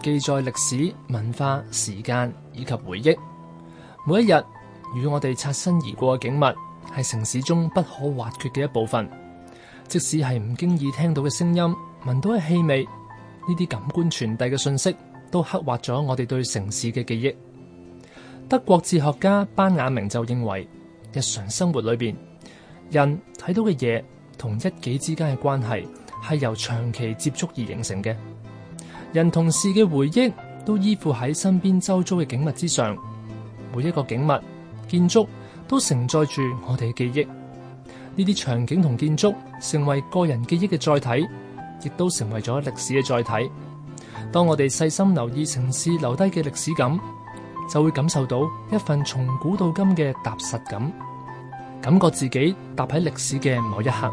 記載歷史、文化、時間以及回憶，每一日與我哋擦身而過嘅景物，係城市中不可或缺嘅一部分。即使係唔經意聽到嘅聲音、聞到嘅氣味，呢啲感官傳遞嘅信息，都刻劃咗我哋對城市嘅記憶。德國哲學家班雅明就認為，日常生活裏面，人睇到嘅嘢同一己之間嘅關係，係由長期接觸而形成嘅。人同事嘅回憶都依附喺身邊周遭嘅景物之上，每一個景物、建築都承載住我哋嘅記憶。呢啲場景同建築成為個人記憶嘅載體，亦都成為咗歷史嘅載體。當我哋細心留意城市留低嘅歷史感，就會感受到一份從古到今嘅踏實感，感覺自己踏喺歷史嘅某一刻。